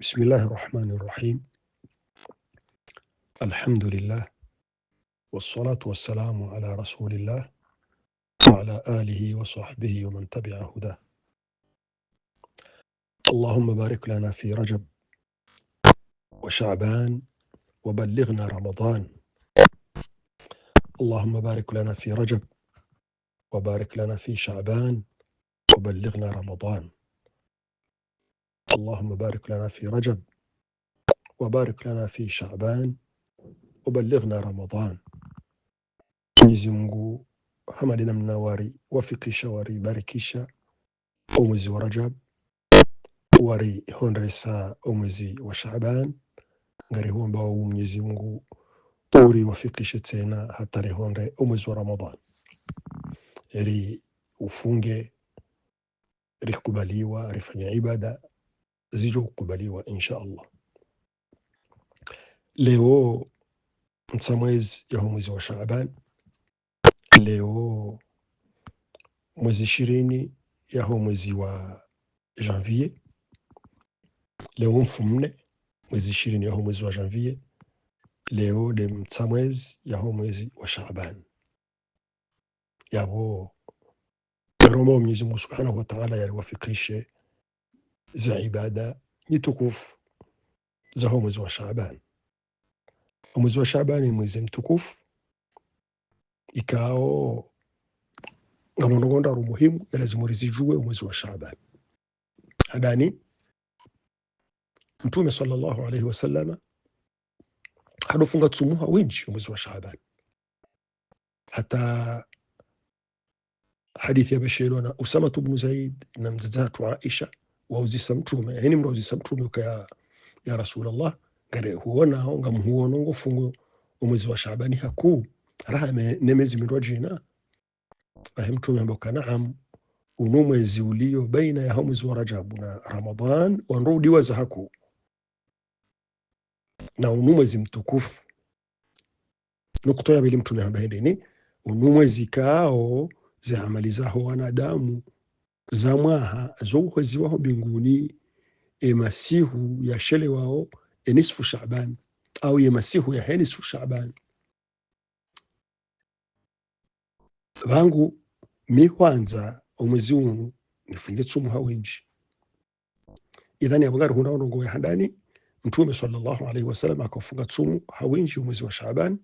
بسم الله الرحمن الرحيم الحمد لله والصلاة والسلام على رسول الله وعلى آله وصحبه ومن تبع هداه اللهم بارك لنا في رجب وشعبان وبلغنا رمضان اللهم بارك لنا في رجب وبارك لنا في شعبان وبلغنا رمضان اللهم بارك لنا في رجب وبارك لنا في شعبان وبلغنا رمضان نزمغو حمدنا من نواري وفقي شواري باركيشا ومزي ورجب واري هون رسا ومزي وشعبان غري هون باو نزمغو طوري وفقي شتينا حتى ري هون ري ومزي ورمضان ري وفونجي ري كوباليوا ري فني عباده zilizokubaliwa insha Allah. Leo mtisa mwezi ya mwezi wa Shaaban, leo mwezi ishirini ya mwezi wa janvier, leo mfumne mwezi ishirini ya mwezi wa janvier, leo de mtisa mwezi ya mwezi wa Shaaban yavo, naomba Mwenyezi Mungu subhanahu wa taala yaliwafikishe za ibada nyitukufu za huu mwezi wa Shaaban. Mwezi wa Shaaban ni mwezi mtukufu, ikao ngamondongondaro muhimu yalazima rizijue mwezi wa Shaaban. Hadani Mtume sallallahu alaihi wasallama hadofunga tsumuha winji mwezi wa Shaaban, hata hadithi ya yabashiriwa na Usamatu bnu Zaid na mzazatu Aisha wauzisa mtume yani mrauzisa mtume ukaya ya rasulallah ngare huonaho ngamuhuono ngofungo omwezi wa shabani haku raha nemezi mirwa jina ahe mtume amboka naam unu mwezi ulio baina ya mwezi wa rajabu na ramadan wanrudiwa za haku na unu mwezi mtukufu nukutoya ya bili mtume habendeni unu mwezi kao za amali zaho wanadamu za mwaha zouheziwaho binguni emasihu yashelewaho enisfu shaban au yemasihu yahe nisfu shaban vangu mihwanza omwezi unu nifunge tsumu hawenji idhani avongarihunda onongo handani Mtume sallallahu alaihi wasallam akafunga tsumu hawinji omwezi wa Shaabani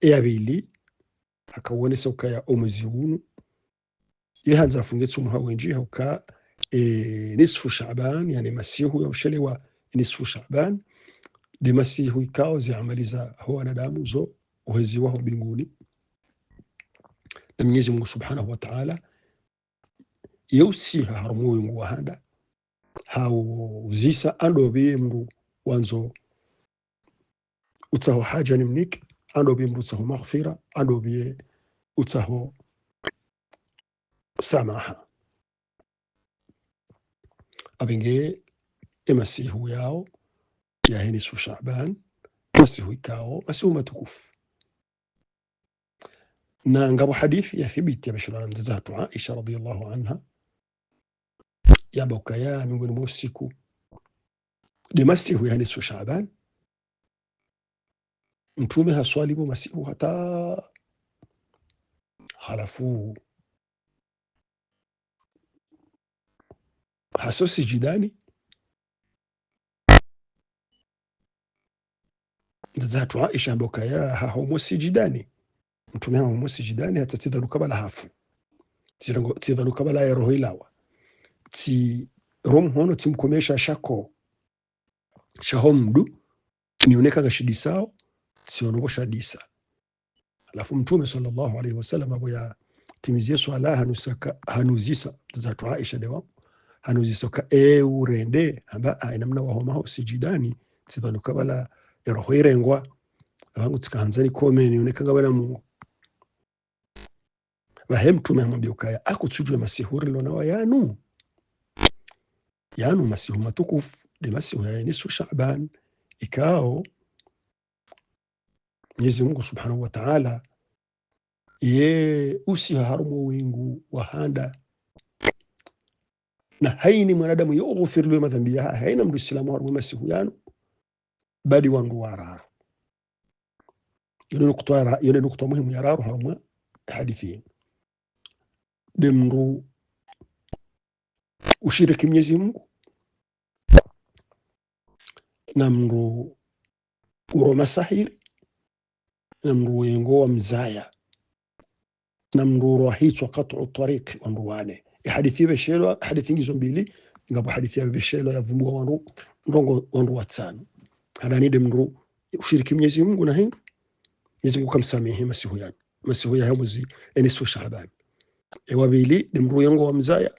eyavili akauonesa ukaya omwezi unu yihanze afungetsa umuha wenjihehuka e, nisfu shaban yani masihu ya ushelewa nisfu shaban de masihu ikao ziamaliza ho wanadamu zo uhezi wao binguni na Mwenyezi Mungu subhanahu wa ta'ala yeusiha harumu wingu wahanda hau zisa andobe mndu wanzo utsaho haja ni mnike andobe mndu utsaho maghfira andobe utsaho samaha abenge emasihu yao su shaban e masihu ikao masihu matukufu na ngabo hadithi ya thibiti yabashirana mzazi hatu Aisha radhiallahu anha yabaoka ya miongoni mwa usiku de masihu ya nisu Shaaban, mtume haswali masihu hata halafu Hasa sijidani zatu Aisha amboka ya hahomo sijidani mtume hahomo sijidani hata tidhanu hafu tidhanu kabala ya roho ilawa ti romhono hono timkomesha shako shahomdu nionekaga shidi sao sionogo shadisa alafu mtume sallallahu alaihi wasallam aboya timizie swala hanuzisa zatu Aisha dewamu hanozisoka eurende amba ah, wahoma wahomaho sijidani tsivanuka kabala eroho irengwa abangutsi hanze ari komeni ngabana mu bahem mtume amwambia ukaya akutsujwe masihurilo nawa yanu yanu masihu matukufu de masihu ya nisu shaban ikao Mwenyezi Mungu Subhanahu wa Ta'ala ye harumu wingu wahanda na haini mwanadamu yughfir lahu madhambiha haina muislamu wa yanu badi wandu wararu yule nukta yule nukta muhimu ya raro harumwa hadithi demru ushiriki Mwenyezi Mungu na mndu uroma sahiri na mndu wengo wa mzaya na mndu rahitwa kat'u tariq wa wane ihadithi yebeshelwa hadithi ngizo mbili ngapo hadithi ya beshelwa yavumbua wandu ndongo wandu watsanu adanide mndu ushiriki Mwenyezi Mungu na hindu Mwenyezi Mungu kamsamehe masihu yani masihu ya mwezi enisu Shaaban ewabili de mndu yango wa mzaya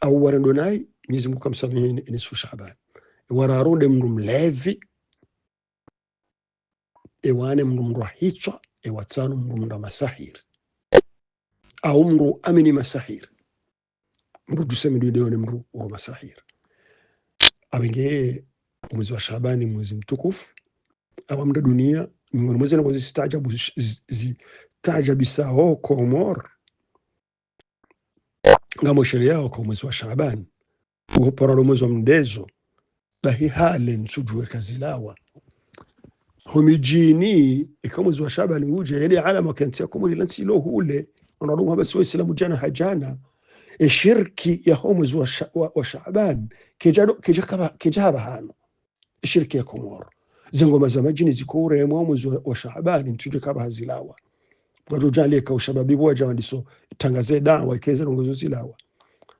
au warandonai Mwenyezi Mungu kamsamehe enisu Shaaban wararu de mndu mlevi ewane mndu mndu ahichwa ewatsanu mndu mndu masahiri au mndu amini masahiri mndu tuseme ndio leo ni mndu wa masahir abenge mwezi wa Shabani mwezi mtukufu awamda dunia miongoni mwezi na mwezi stajabu zitajabisao komor ngamo shele yao kwa mwezi wa Shabani uhoporaro mwezi wa mdezo bahi halen sujue kazilawa homijini ika mwezi wa Shabani uje ele alama kumuli lansi lo hule haba basi waislamu jana hajana ishirki e ya omwezi wa, shaban e wa, wa Shaaban hano ishirki ya komoro zengoma za majini zikuremwa omwezi wa, wa Shaabani ntuje kaba hazilawa gatojaleka ushababibu waja wandiso tangaze dawa ikeze rongozo zilawa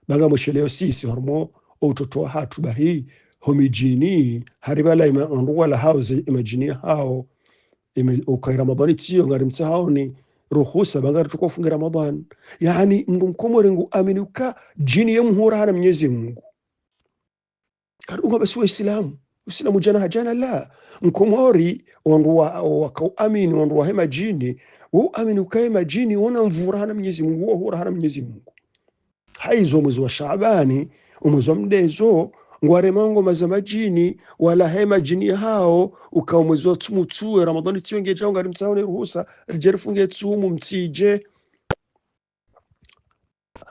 banga mwisheleo sisi hormo outotoa hatu bahi homijini haribala imanduwala hao imajini hao ukai ramadhani tiyo ngarimtsa haoni ruhusa bangara tuko funga Ramadhan yani mndu mkomorengu aminuka jini ya muhura na mnyezi Mungu karunga basi waislamu usilamu jana hajana la mkomori wandu wangu wandu hema jini wauamini ukahema jini wana mvura hana Mwenyezi Mungu wahura hana Mwenyezi Mungu haizo mwezi wa Shaabani umwezi wa mdezo ngwaremwango mazamajini walahe majini hao ukaumwezi tumutue ramadhani tsiyonge chao ngari mtaone ruhusa rijerefunge tsumu mtsije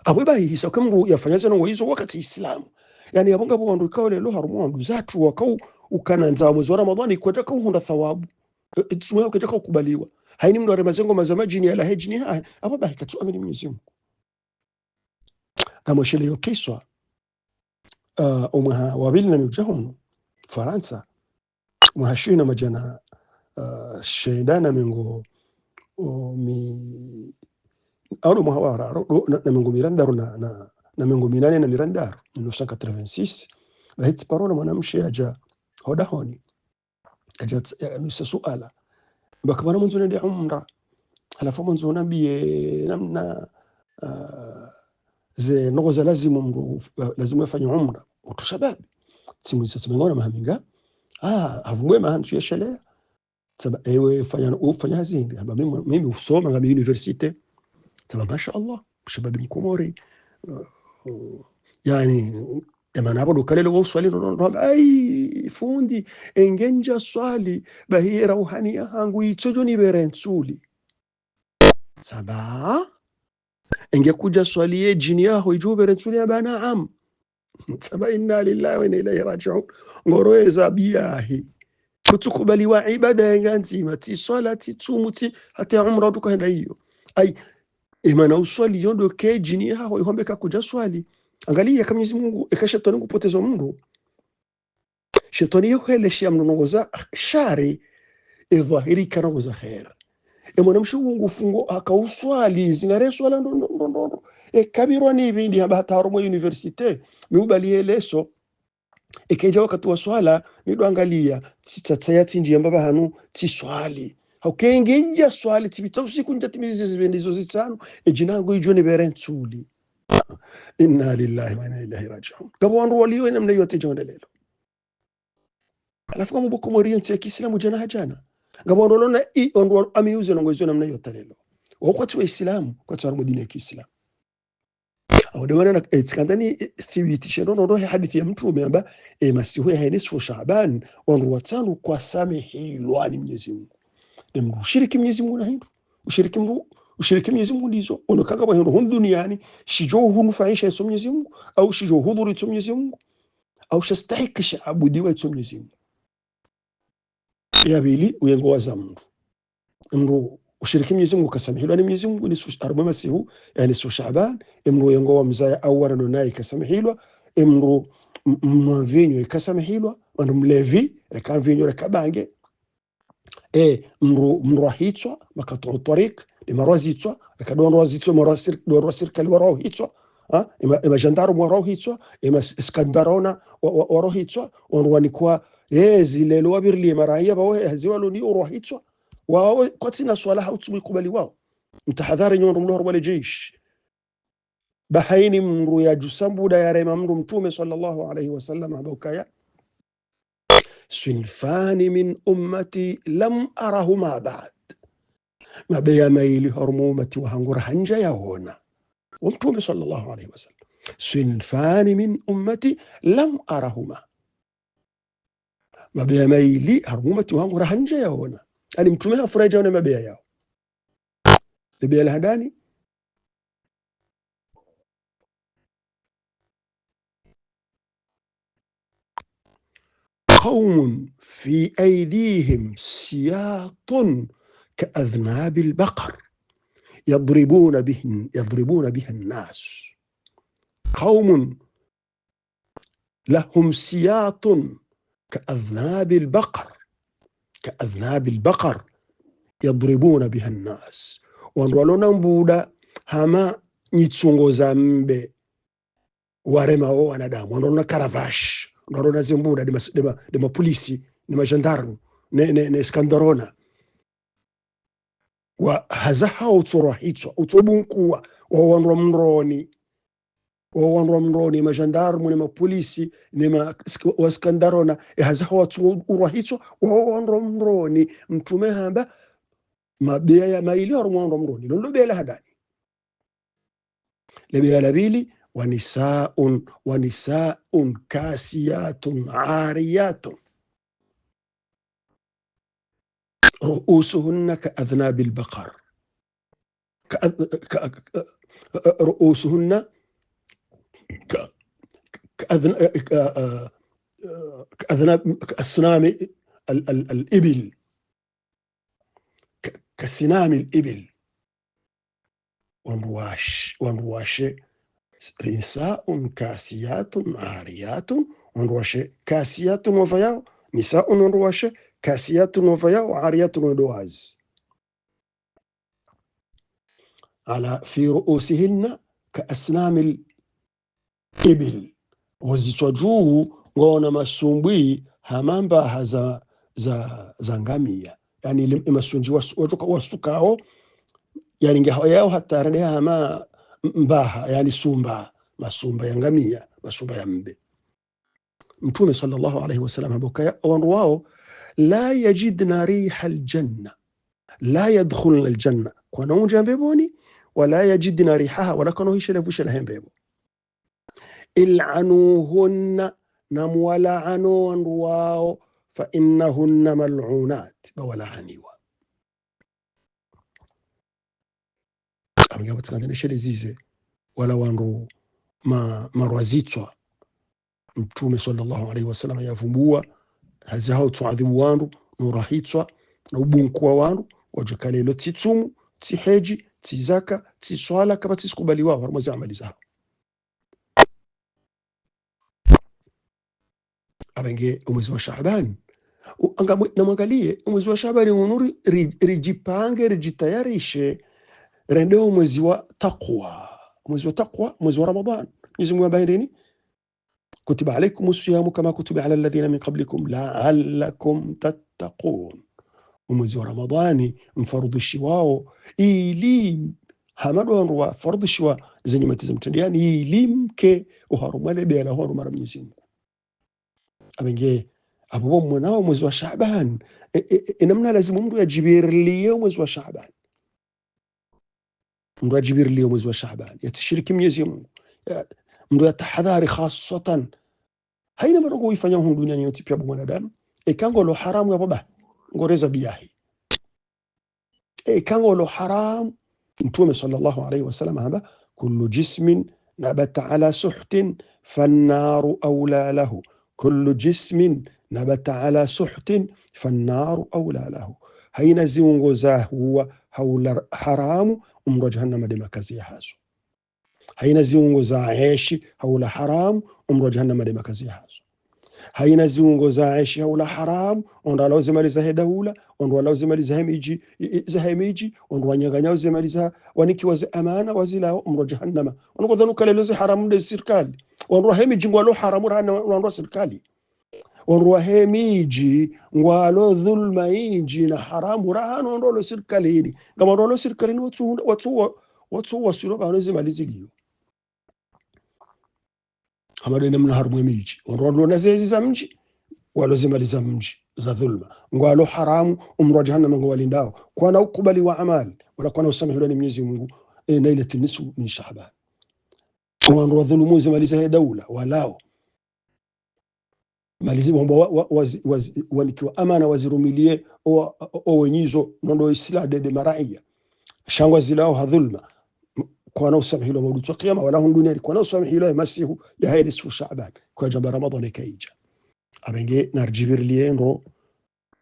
abwe bahihisa ukamngu yafanyaza nongo hizo wakati islamu yani yabonga bo wandu kaole lo harumu wandu zatu wakau ukananza mwezi wa ramadhani kwa jaka uhunda thawabu e, e, tsumu yao jaka ukubaliwa haini mndu aremazengo mazamajini yalahe jini haya abwe bahikatsuamini mwenyezi Mungu kamosheleyo kiswa Uh, umaha wavili na miuchahunu faransa mwahashina majana uh, shaidana mengo uh, mi aro mwahawara aro na, na mirandaro na, na, na mengo minane na mirandaro 1986 bahiti parola mwanamshi aja hodahoni aja nusa suala baka mara mwanzo nende umra halafu mwanzo nambie namna uh, ze nogoza lazimu mru lazima afanye umra utu shababi simulisa simangona mahaminga ah avumbwe mahantu yeshelea saba ewe fanya ufanya hazini haba mimi mimi usoma ngabe university saba masha Allah shababi mkomori uh, uh, yani jamani dukalele wao swali ndo ai fundi engenja swali bahiye rauhani yangu ichojo ni berensuli saba ingekuja swali ye jini yaho ijube bana banaam saba inna lillahi wa inna ilaihi rajiun za biyahi kutukubaliwa ibada yenga nzima ti swala ti tsumu ti hata ya umra henda hiyo ai imana uswali yondo ke jini yaho ihombe kakuja swali angalia kama Mwenyezi Mungu ikashetani e kupoteza mndu shetani shia mnonongoza shari idhahiri e kanogoza khera emwanamshungu fungo akauswali zinare swala ndondondondo ekabirwa nibindi habahataro mwa universite miubalieleso ekenja wakati wa swala nidwangalia tsitsatsaya tsinjia mbaba hanu tsiswali haukengenja swali tsipitsa usiku njatimizisi zibendizo zitsanu ejinango ijo nibere ntsuli inna lillahi wa inna ilaihi rajiun gabo wandu waliyo namna yote lelo alafu kama boko moriyo ntsiya kiislamu jana hajana ngabondo lona i ondu uze nongo izo namna hiyo talelo wakwati wa islamu kwa tsarbo dini ya kiislamu awudemana na etsikandani eh, eh, thibitishe nono rohe hadithi ya mtu amba e masihu ya nisfu shaaban ondu watano kwa samehilwa ni mwenyezi Mungu ni mndu ushiriki mwenyezi Mungu na hindu ushiriki mndu ushiriki mwenyezi Mungu ndizo onokanga wa hindu duniani shijo hunufaisha yesu mwenyezi Mungu au shijo hudhuri yesu mwenyezi Mungu au shastahiki shaabudiwa yesu mwenyezi Mungu yabili uyengowaza mndu mndu ushiriki Mwenyezi Mungu kasamihiliwa ni Mwenyezi Mungu arba masihu yani su Shaaban e mndu wa mzaya awarano naye ikasamihilwa e mndu mwavinyo ikasamihilwa mndu mlevi reka bange e mndu ahitswa makatuu tarik imarwazitswa rekadondwazitswa marwa serikali warauhitswa imajandarumu e warauhitswa imaskandarona warauhitswa wandu wanikuwa e zile lowabirlie maraia wawe ziwaloni urwahitswa wawe kwatina swalaha utsuwikubali wao mtahadhari nyondo mlohor wale jeish bahaini mru ya jusambuda yarema mru mtume sallallahu alaihi wasallam abaukaya sinfani min ummati lam arahuma bad mabeyamayili horumu ummati wahangura hanja yaona wa mtume sallallahu alaihi wasallam sinfani min ummati lam arahuma mabeya maili harumu mati wangu rahanja wana ani mtume hafurahi wana mabeya yao bebeya lahadani قوم في أيديهم سياط كأذناب البقر يضربون به يضربون بها الناس قوم لهم سياط كأذناب البقر كأذناب البقر yadribuna biha nnas wandu walona mbuda hama nyitsongoza mbe waremawo wanadamu wandu walona karavash wandu walona zimbuda de mapolisi ne magendarme ne, ne, ne skandarona wa hazaha utsorwa hitswa utsobunkuwa wa wandu wa mroni owanrwa mnro ni majandarmu ni mapolisi ni waskandarona ihazaho watsu urwa hitso wawanrwa mtume hamba mabeya ya maili warumwanrwa mnro ni lolo bela hadani lebeya labili bili wanisaun wanisaun kasiyatun ariyatun ruusuhunna kaadhnabi lbaqar ruusuhunna كأذناب آه، آه، آه، ال... الإبل كسنام الإبل ومواش ومرواش رنساء كاسيات عاريات ونرواش كاسيات وفيا نساء ونرواش كاسيات وفيا وعاريات ودواز على في رؤوسهن كأسنام الإبل wazichwa juu ngona masumbwi hamambaha za, za, za ngamia yani masunji wasukao yani ngeho yao hama mbaha yani sumba masumba ya ngamia masumba ya mbe mtume sallallahu alaihi wasallam abokaya wandu wao la yajidna riha aljanna la yadkhulna aljanna kwanaunja mbeboni wala yajidna rihaha walakanohishelevushelahembebo ilanuhunna namwalaano wandu wao fa innahunna malunat bawalaaniwa abanja shele zize wala wandu ma, marwazitswa mtume sallallahu alaihi wasallam yavumbua hazihao tuadhibu wandu norahitswa na ubunkuwa wandu wajakalelo tsitsumu tsiheji tsizaka tsiswala kaba tsisikubaliwao amaliza zahao arenge umwezi wa Shaaban namwangalie umwezi wa Shaabani unuri rijipange rijitayarishe, rendeo mwezi wa taqwa, mwezi wa taqwa, mwezi wa Ramadhan. Mwenyezi Mungu ambaye nini, kutiba alaikum siyamu kama kutiba ala alladhina min qablikum la'allakum tattaqun. Mwezi wa Ramadhani mfarudhishi wao ili hamadwanruwa farudhishiwa zenye matizamtendeani ili mke uharumale bealahoarumara Mwenyezi Mungu amenge abo bomwe nao mwezi wa Shaaban e, e, enamna lazima mndu ajibirilie mwezi wa Shaaban mndu ajibirilie mwezi wa Shaaban yatishiriki Mwenyezi Mungu ya, mndu yatahadhari khasatan haina madogo uifanya hu duniani yote pia mwanadamu ekango lo haramu ya baba ngoreza biyahi ekango lo haramu mtume sallallahu alaihi wasallam haba kullu jismin nabata ala suhtin fannaru aula lahu kullu jismin nabata ala suhtin fannaru aula lahu, haina ziungo za huwa haula haramu umro jahannama demakaziya hazo, haina ziungo za eshi haula haramu umro jahannama demakaziya hazo haina ziungo za aisha wala haramu ondo alaozimali zahe daula ondo hemiji zahemiji zahemiji ondo wanyaganya uzimali za waniki waze amana wazilao mro jahannama ondo dhanu kalelezo haramu de sirkali ondo hemiji ngwalo haramu rana ondo sirkali ondo hemiji ngwalo dhulma inji na haramu rana ondo lo serikali ngama ondo lo serikali watu watu watu wasiro balo zimali zigiyo hamadwene mna harumu miji na zezi za mji walozimali za mji za dhulma ngwalo haramu umrwa walindao kwa na ukubali wa amali wala kwa na kwana usamehulani mwenyezi mungu e, eh, na nailati nisfu min shaban wanrwa dhulumu zimaliza daula walao malizi wa, wamba wanikiwa amana wazirumilie owenyizo nondo isila dede maraia shangwa zilao hadhulma كونه وسمحي له مولود قيامة ولا هون دنيا كوانا وسمحي له مسيح يهاي سو شعبان كوا رمضان كيجا أبنجي نرجبر لينو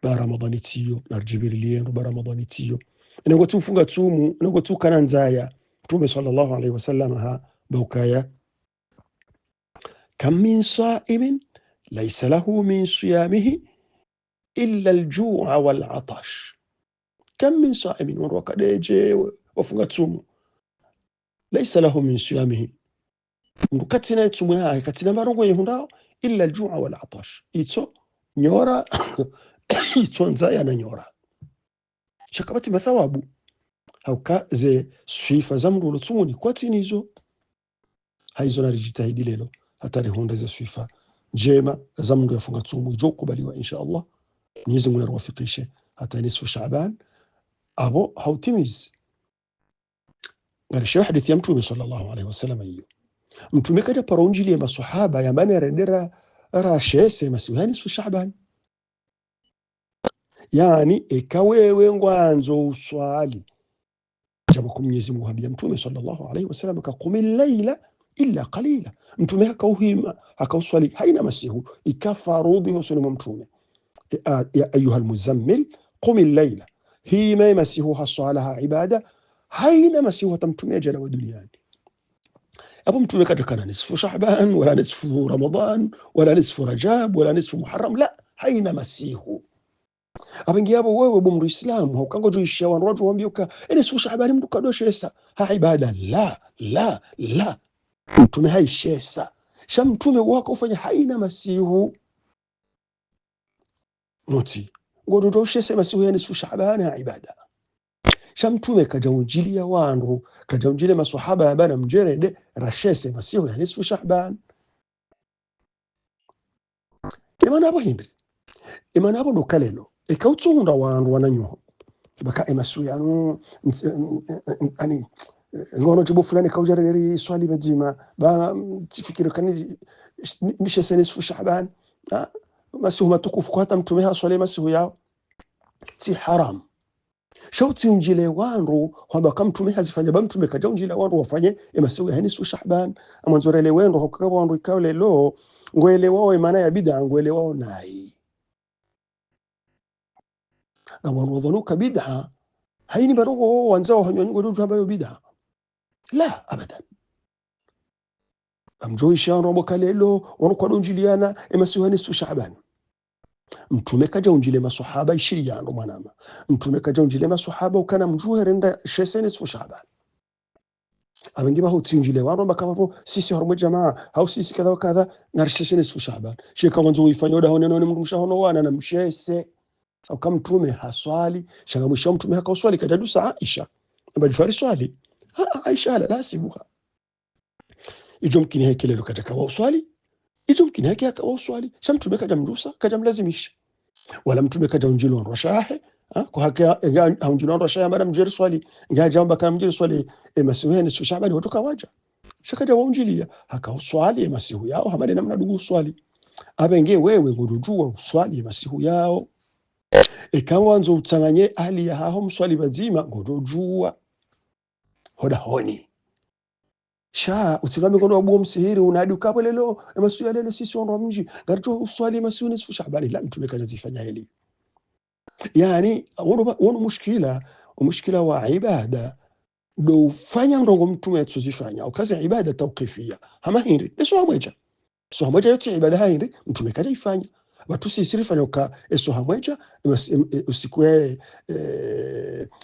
برمضان تيو نرجبر لينو برمضان تيو إن قتو فوق تومو إن قتو كان زايا تومي صلى الله عليه وسلم ها بوكايا كم من صائم ليس له من صيامه إلا الجوع والعطش كم من صائم ونروك ديجي وفوق تومو laisa lahu min siyamihi ndu katina itsumwe haye katina marongo yehundawo illa aljua wal atash itso nyora itso nza yananyora chakabati mathawabu hauka ze swifa za mndu ulutsumuni kwatinizo haizo narijitahidi lelo hata rihunda ze swifa njema za mndu yafunga tsumu ijo kubaliwa insha allah mwenyezi mungu naruwafikishe hata nisfu shaban abo hautimizi ngaleshewe hadithi ya mtume sallallahu alaihi wasallam hiyo mtume kati paro njili ya masahaba yamani arendera rashese masihani su shaban yani ekawewe ngwanzo uswali japo Mwenyezi Mungu hambia mtume sallallahu alaihi wasallam kakumi laila illa qalila mtume akauhima akauswali haina masihu ikafarudhi husunu mtume ya ayuha almuzammil qumi laila hima masihu ha ibada haina masihu atamtumia jana wa duniani. Hapo mtume katakana nisfu Shaaban wala nisfu Ramadan wala nisfu Rajab wala nisfu Muharram, la haina masihu hapo wewe bo muislamu haukangojoisha wan watu wambioka eh, nisfu Shaabani mndu kadoshesa ha ibada la la la mtume haishesa sha mtume wako ufanya haina masihu muti ngododoshese masihu ya nisfu Shaabani ha ibada sha mtume kajaunjiliya wandu kajaunjile maswahaba ya bana mjerede rashese masihu ya nisfu shahban imana abo hindi imana abo ndokalelo ekautsuhunda wandu wananyuhu baka emasu yanu ani ngono jibu fulani kaujareri swali bajima ba tifikiro kani nishese nisfu shahban ah, masihu matukufu kwa hata mtumeha haswali masihu yao si haramu shauti unjile wandu kwamba kama mtume hazifanya ba mtume kaja unjile wandu wafanye emasiku ya yani su shahban amanzorele wendo hokakaba wandu ikawle lo ngwele wao maana ya bid'a ngwele wao nai na wandu wadhanuka bid'a haini barogo wanzao hanyo hanyonyi godo tubayo bid'a la abadan amjoisha robo kalelo wanu kwa unjiliana emasiku ya su shahban mtume kaja unjile masahaba ishiri yango mwanama mtume kaja unjile masahaba ukana mjuherenda shesene sifu shaban abengi bahutsinjile wano bakabaro sisi harumwe jamaa hau sisi kadha kadha na shesene sifu shaban sheka wanzo uifanyoda hone none mndu mshahono wana na mshese mtume haswali shanga mwisho mtume hakaswali kadadu saa Aisha bajfari swali ha Aisha la lasibuha ijo mkini hekelelo kataka wa uswali mkini yake akawa oh, swali sha mtume kaja mrusa kaja mlazimisha wala mtume kaja wa shahe kwa ya haka wa shahe mara mjeri swali jamba kama mjeri swali emasiwene eh, sio shabani watu kawaja kaja shakaja waunjilia haka uswali eh, masihu yao hamadi namna dugu uswali abenge wewe ngurujua uswali eh, masihu yao ekawanzo utsanganye ali yahaho mswali bazima ngurujua hodahoni sha utsikame kono wabuwa msihiri unadi ukabwe lelo ya lelo sisi onro mji ngarito uswali masu emasuya nisfu shabani la mtume kanazifanya hili yani wano mushkila umushkila wa ibada do ufanya mrongo mtume ya tuzifanya ukazi ibada tawqifia hama hindi nesu hamweja soha hamweja yote ibada hindi mtume kajaifanya watu sisirifanya uka esoha mweja e, e, e, usiku ya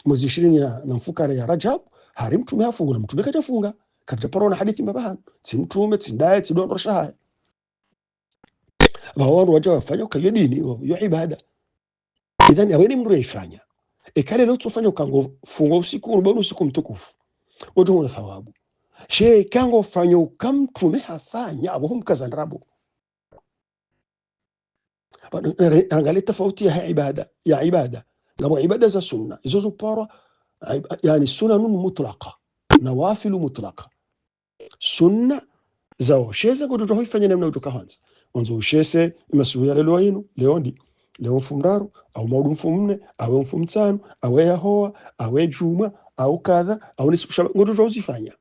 mwezi ishirini na mfukara ya Rajab hari mtume hafunga na mtume kajafunga kabisa na hadithi mabahan sintume sindaye sidon rashaha bahawanu waja wafanya kwa dini hiyo ibada idhani awene mtu yaifanya ikale leo tufanya ukango fungo usiku urubani usiku mtukufu wote una thawabu she kango fanya ukamtume hafanya abo humkazandrabu angalia tofauti ya ibada ya ibada ngamo ibada za sunna izo zuparwa yani sunanun mutlaqa nawafilu mutlaqa sunna za osheze kuti hoifanya namna utoka hanza onzo ushese imasuya lelo wainu leondi leo mfumraru au maudu mfumne awe mfumtano awe yahoa awe juma au kadha au ni shabab ngoto tozifanya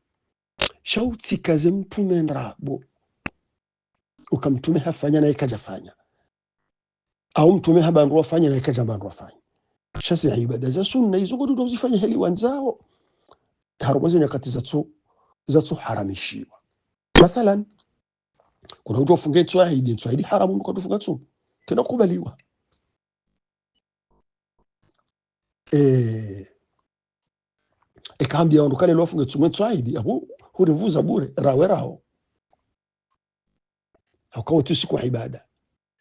shauti kaze mtume ndrabo ukamtume hafanya na ikaja fanya au mtume habandu wafanya na ikaja bandu wafanya shasi ibada za sunna izo ngoto tozifanya heli wanzao harumazi nyakati katiza tsu zatuharamishiwa mathalan kuna mtu afunge itso ahidi haramu mko kutofunga tsumu tena kubaliwa eh ikambia wandu kale lofunga itsumu itso abu hurivuza bure rawe raho hakuwa tusiku ibada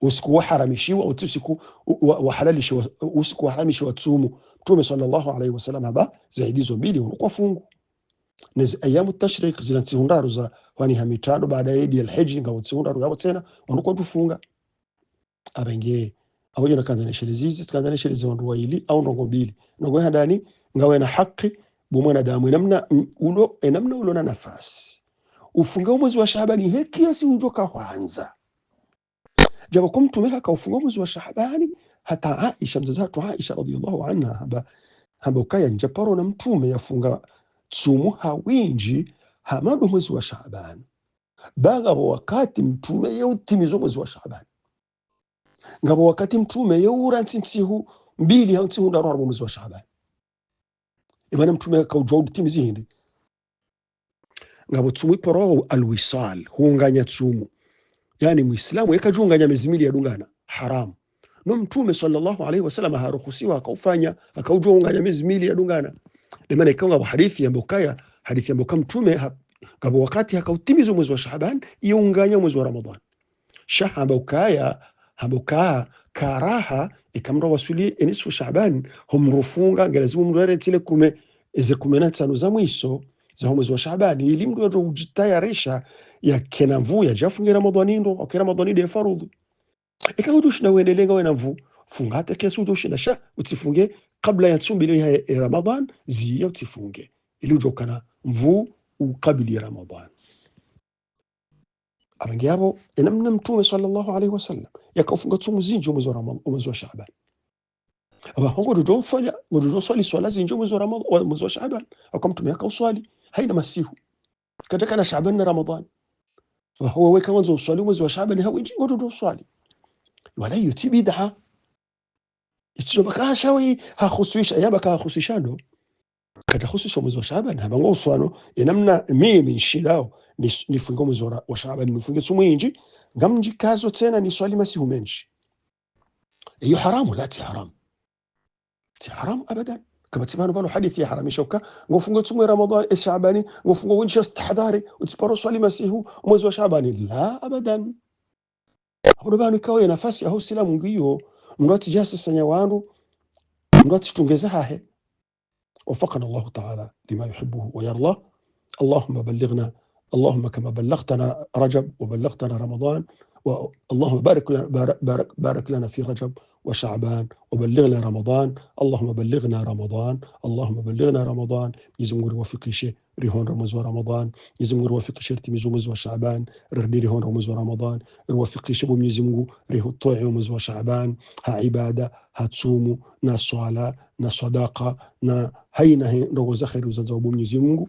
usiku waharamishiwa usiku wahalalishiwa usiku waharamishiwa tsumu mtume sallallahu alaihi wasallam ba zaidi zo mbili unakuwa fungu nezi ayamu tashrik zina tsihundaru za wani hamitado baada ya idi alhiji ngabo tsihundaru yabo tsena kwa tufunga abenge abojo nakanza neshelezizi tkanza neshelezi wandu waili au ndongo mbili ya dani ngawe na haki bumwe na damu enamna ulo enamna ulo na nafasi ufunga mwezi wa shahabani heki ya si ujoka kwanza japo kwa ka ufunga mwezi wa shahabani hata Aisha mzazatu wetu Aisha radhiallahu anha haba haba ukaya njaparo na mtume yafunga tsumuha hawinji hamadu mwezi wa Shaabani bagabo wakati mtume yeutimiza mwezi wa Shaabani ngabo wakati mtume yeura nsinsihu mbili hau nsihu ndaro mwezi wa Shaabani ibana mtume akaujwa utimizi hindi ngabo tsumu poro alwisal huunganya tsumu yani muislamu yekajunganya miezi mili dungana haram no mtume sallallahu alaihi wasallam haruhusiwa akaufanya akaujwa unganya miezi mili dungana ndio maana ikawa hadithi ambayo kaya hadithi ambayo kama mtume kabla wakati hakautimiza mwezi wa Shaaban iunganya mwezi wa Ramadhan shaha ambayo kaya ambayo kaa karaha ikamra wasuli enisu Shaaban humrufunga ngelazimu mrere tile kume eze 15 za mwisho za mwezi wa Shaaban ili mtu ndo ujitayarisha ya kenavu ya jafunga Ramadhan ndo okay Ramadhan ndio farudhu ikawa tushinda na vu funga hata kesho tushinda sha utifunge kabla ya ntsumbi ya Ramadhan tifunge ili ujokana mvu ukabili ya Ramadhan arangi yabo enamna mtume sallallahu alaihi wasallam yakaufunga tsumu zinjo mwezi wa Ramadhan mwezi wa Shaaban aba abahongo dodo fanya dodo swali swala zinjo mwezi wa Ramadhan mwezi wa Shaaban akamtume yakauswali haina masihu katika na Shaaban na Ramadhan huwa ويكون زو صلي وزو شعب هو يجي ورد swali wala yuti بدعه ekitomakashawe hakhuswisha yabaka hakhushishano katakhuswisha mwezi wa shaabani hamba ngonswano enamna mimi nshilao nifunge mwezi wa shaabani nifunge tsumwinji ngamnjikazo tena niswali masihu menji iyo haramu la ti haramu ti haramu abadan kama tibanu bano hadithi ya haramisha uka ngofunga tumwe ramadhani e shaabani ngofunga winsha tahdhari utiparo swali masihu mwezi wa shaabani la abadan hapo bano ikawa nafasi au silamu ngiyo ngati jasasanya wandu ngati tungeze hahe وفقنا الله تعالى لما يحبه ويرضاه اللهم بلغنا اللهم كما بلغتنا رجب وبلغتنا رمضان واللهم بارك لنا, بارك, بارك, بارك لنا في رجب وشعبان وبلغنا رمضان اللهم بلغنا رمضان اللهم بلغنا رمضان يزمور وفق شيء رهون رمز ورمضان يزمور وفق شيء تميز ومز وشعبان ردي رهون رمز ورمضان روفق شيء بم يزمو ريه الطوع ومز وشعبان ها عبادة ها تسومو نا صلاة نا صداقة نا هينا هين رغو زخير وزنزو بم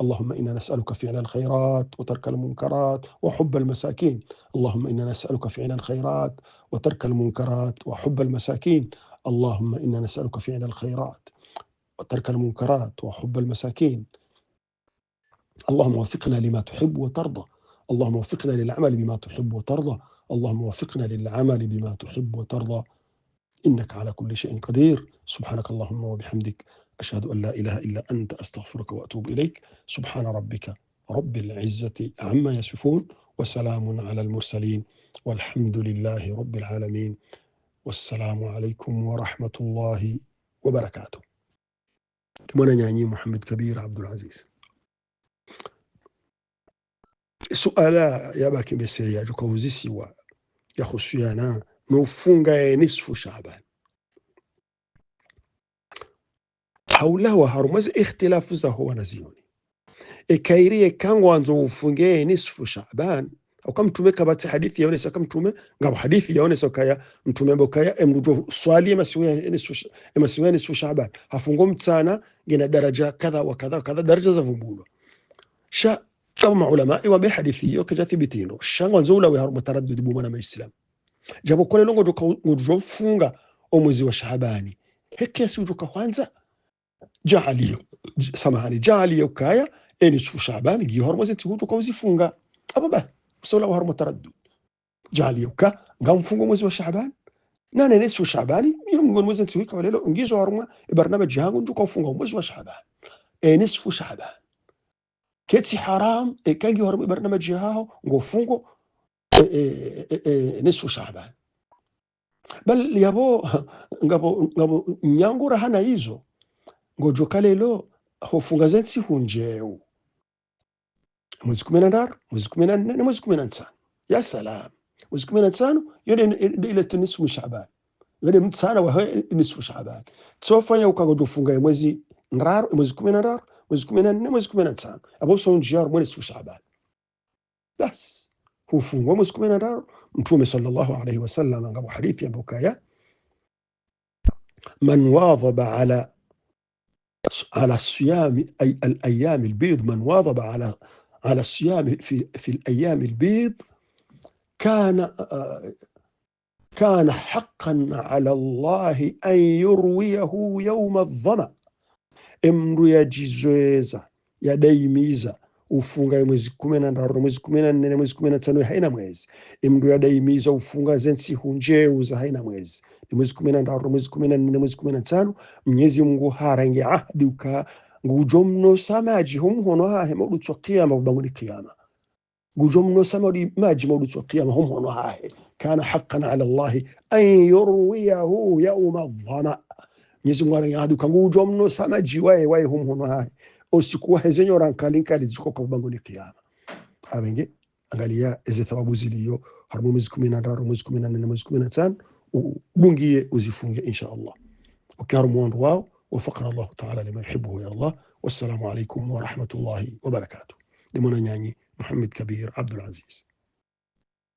اللهم انا نسالك فعل الخيرات وترك المنكرات وحب المساكين اللهم انا نسالك فعل الخيرات وترك المنكرات وحب المساكين اللهم انا نسالك فعل الخيرات وترك المنكرات وحب المساكين اللهم وفقنا لما تحب وترضى اللهم وفقنا للعمل بما تحب وترضى اللهم وفقنا للعمل بما تحب وترضى انك على كل شيء قدير سبحانك اللهم وبحمدك أشهد أن لا إله إلا أنت أستغفرك وأتوب إليك سبحان ربك رب العزة عما يصفون وسلام على المرسلين والحمد لله رب العالمين والسلام عليكم ورحمة الله وبركاته تمنى نعني محمد كبير عبد العزيز السؤال يا باكي يا سوا جوكوزيسي يخص يانا نوفونغا نصف شعبان wa harumazi ikhtilafu za huwa na zaho wanaziyoni kangu kangwanzo ufunge nisfu shaban mtume kabati hadithi yaonesa mtume ngabo hadithi yaonesa kaya mtume mbo kaya emrujo swali emasiwe nisfu shaban hafungo mtana gina daraja kadha wa kadha kadha daraja za vumbulo sha kama maulama iwa be hadithi hiyo kaja thibitino shangwanzo ulawe harumu taraddudi bumana maislam jabo kole longo jofunga omwezi wa shaabani hekiasi ujoka kwanza جاء لي سامحني جاء لي وكايا اني سوف شعبان جي هرمز تقول لك وزي فونغا ابا با سو لو هرم تردد جاء لي وكا قام فونغا موز شعبان نانا نسو شعباني يوم نقول موز تسويك ولا لو انجيز هرم برنامج جهان ونجوك فونغا موز شعبان اني سوف شعبان كيتسي حرام كان جي هرم برنامج جهاو نقول فونغا نسو شعبان بل يابو غابو غابو نيانغورا هانا ايزو ngojoka lelo hofunga zen si njeu mwezi kumi na ndaro mwezi kumi na mwezi kumi ya salam mwezi kumi na ntano yode ilete nisfu shaban yode mtsana wahe nisfu shaban tsofanya ukangojofunga mwezi ndaro mwezi kumi na ndaro mwezi kumi na nne mwezi kumi na ntano aboso njiaro nisfu shaban basi hufungwa mwezi kumi mtume sallallahu alaihi wasallam ngabo hadithi ya bukaya man wadhaba ala على الصيام أي الأيام البيض من واظب على على الصيام في في الأيام البيض كان كان حقا على الله أن يرويه يوم الظمأ emru ya يا yadaimiza ufunga mwezi kumi na ndaro mwezi kumi na nne mwezi kumi na tano haina mwezi imndu yadaimiza ufunga zensi hunje uza haina mwezi ni mwezi kumi na ndaro mwezi kumi na nne mwezi kumi na tano mnyezi mungu harangi ahdi uka ngujo mno samaji humhono hahe maudutswa kiyama ni kiyama ngujo mno samadi maji maudutswa kiyama humhono hahe kana haqqan ala Allahi an yurwiyahu yauma dhana mnyezi mungu harangi ahdi uka ngujo mno samaji wae wae humhono hahe usikuwa hezenye orankalinkali ziko kwa bango ni kiyama Amenge, angalia eze thawabu ziliyo harumu mwezi kumina daru, mwezi kumina nene, mwezi kumina na ubungie uzifunge insha allah ukihara muwando wao وفقنا الله تعالى لما يحبه ويرضاه والسلام عليكم ورحمة الله وبركاته لمنا ناني محمد كبير عبد العزيز